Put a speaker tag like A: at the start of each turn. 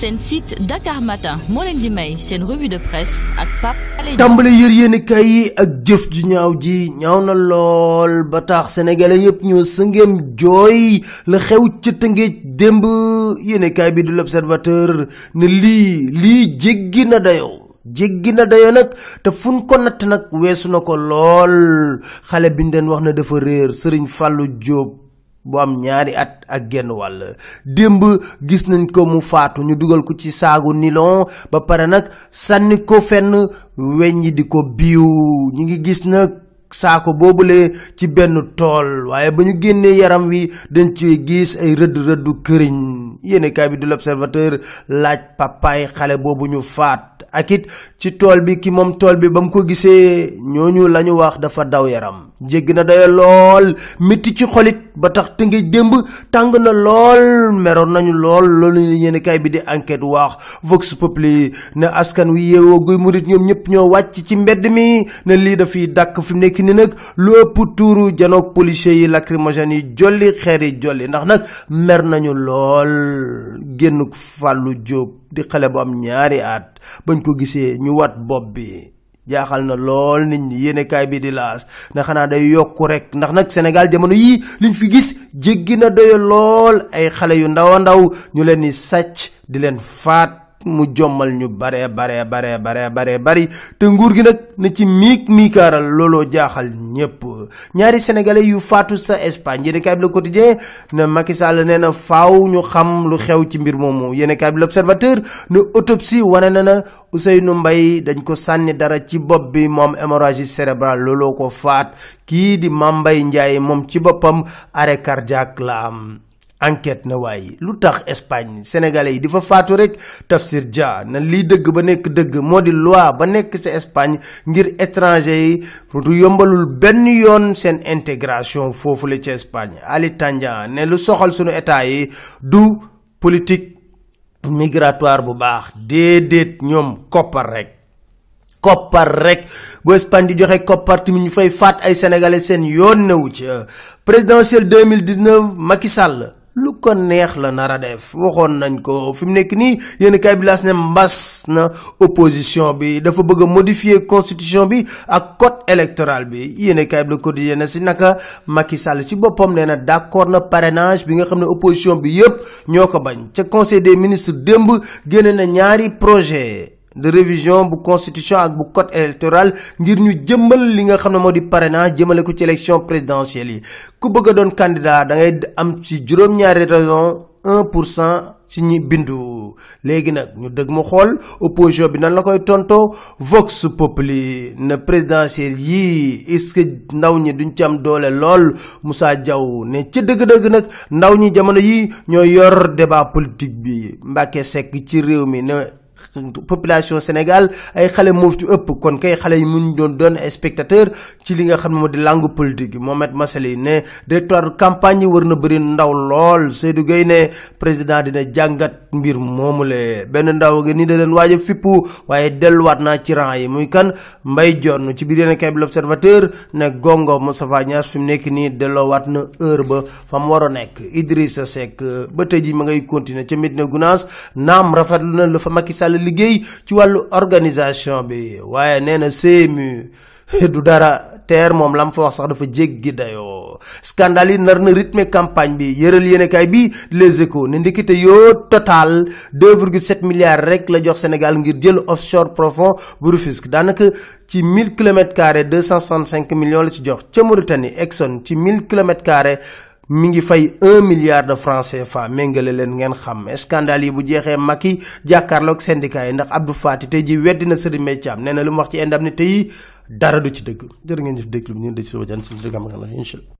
A: seen site Dakar Matin moo leen di seen revue de presse ak Pape Alé tàmbale yër yéenekaay yi ak jëf ju ñaaw ji ñaaw na lool ba tax sénégalais yëpp ñoo sëngeem jooy la xew ca Tëngéej démb yéenekaay bi du l'Observateur ne lii lii jéggi na dayoo jéggi na dayoo nag te fuñ ko natt nag weesu na ko lool xale bi ñu leen wax ne dafa réer Serigne fàllu Diop bu am ñaari at ak genn wàll démb gis nañ ko mu faatu ñu dugal ko ci saagu nilon ba pare nag sànni ko fenn weñ di ko biiw ñu ngi gis nag saako boobu boobule ci benn tool waaye ba ñu génnee yaram wi dañ ci gis ay rëdd rëddu këriñ yéenekaay bi du l'observateur laaj pàppaay xale boobu ñu faat ak it ci tool bi ki moom tool bi ba mu ko gisee ñooñu la ñu wax dafa daw yaram jéggi na dayo lool métti ci xolit ba tax te ngay démb tàng na lool meroon nañu lool loolu yéenekaay bi di enquête waax Vox Populi ne askan wi yeewoo guy murit ñoom ñëpp ñoo wàcc ci mbedd mi ne lii dafiy dàkk fi nekk nekk ni nag lu ëpp tuuru janoog policiers yi lacrymogènes yi jolli xeer yi jolli ndax nag mer nañu lool génn Fallou Diop di xale bu am ñaari at bañ ko gisee ñu wat bopp bi jaaxal na lool nit ñi yéenekaay bi di laas ne xanaa day yokku rek ndax nag senegal jamono yii liñ fi gis jéggi na doyo lool ay xale yu ndaw a ndaw ñu leen di sàcc di leen faat mu jommal ñu baree bare baree baree baree bari te nguur gi nag na ci miig miikaaral looloo jaaxal ñépp ñaari sénégalais yu faatu sa Espagne yéen kaay bi Le Quotidien na Macky Sall nee na faaw ñu xam lu xew ci mbir moom yéen kaay bi L'Observateur ne autopsie wane na na Ousseynou mbay dañ ko sànni dara ci bopp bi moom hémorragie cérébrale looloo ko faat kii di ma mbay Ndiaye moom ci boppam arrêt cardiaque la am enquête na waaye lu tax Espagne sénégalais yi di fa faatu rek Tafsir Dia na liy dëgg ba nekk dëgg moo di loi ba nekk ca Espagne ngir étranger yi du yombalul benn yoon seen intégration foofu la ca Espagne Ali Tandia ne lu soxal sunu état yi du politique migratoire bu baax déedéet ñoom koppar rek. koppar rek bu Espagne di joxe koppar tamit ñu fay faat ay sénégalais seen yoon newu ci présidentielle 2019 Macky Sall ko neex la nar a def waxoon nañ ko fi mu nekk nii yéen kay bilaas ne mbas na opposition bi dafa bëgg modifier constitution bi ak code électoral bi yéen kay bi la quotidien na si naka Macky Sall ci boppam nee na d'accord na parrainage bi nga xam ne opposition bi yëpp ñoo ko bañ ca conseil des ministres démb génne na ñaari projet de révision bu constitution ak bu code électoral ngir ñu jëmmal li nga xam ne moo di pare parrainage jëmale ko ci élection présidentielle yi ku bëgg doon candidat dangay am ci juróom-ñaari raison 1 pour cent ci ñi bindu léegi nag ñu dëgg mu xool opposition bi nan la koy tontoo Vox Populi na présidentielle yi est ndaw ñi duñ ci am doole lool Moussa Diaw ne ci dëgg-dëgg nag ndaw ñi jamono yi ñoo yor débat politique bi Mbacké Seck ci réew mi ne population Sénégal ay xale moo ci ëpp kon kay xale yi mun doon doon ay spectateur ci li nga xam ne moo di langue politique yi Mohamed Massaly ne directoire campagne yi war na bëri ndaw lool Seydou Gueye ne président dina jàngat mbir moomule benn ndaw gi ni da leen waaj a fippu waaye delluwaat naa ci rang yi muy kan mbay Dione ci biir yéen kay bi l'observateur ne gongo Moustapha Niasse fi mu nekk nii delloowaat na heure ba fa mu war a nekk Idrissa Seck ba tey ji ma ngay continuer ca liggéey ci wàllu organisation bi waaye nee na CMU du dara teer moom lam fa wax sax dafa gi dayoo scandale yi nar na rythme campagne bi yëral yéenekaay bi Les Échos ne ndikite yoo total 2,7 milliards rek la jox Sénégal ngir jël offshore profond bu Rufisque daanaka ci 1000 kilomètres carrés 265 millions la ci jox ca Mauritanie Exxon ci 1000 kilomètres carrés mi ngi fay un milliard de francs CFA méngale leen ngeen xam scandale yi bu jeexee Macky jàkkaarloog syndicat yi ndax Abdou Faty te ji weddi na Serigne Mbaye Thiam na lu mu wax ci indemnité tey dara du ci dëgg jërë ngeen jëf ñu dëj am nga incha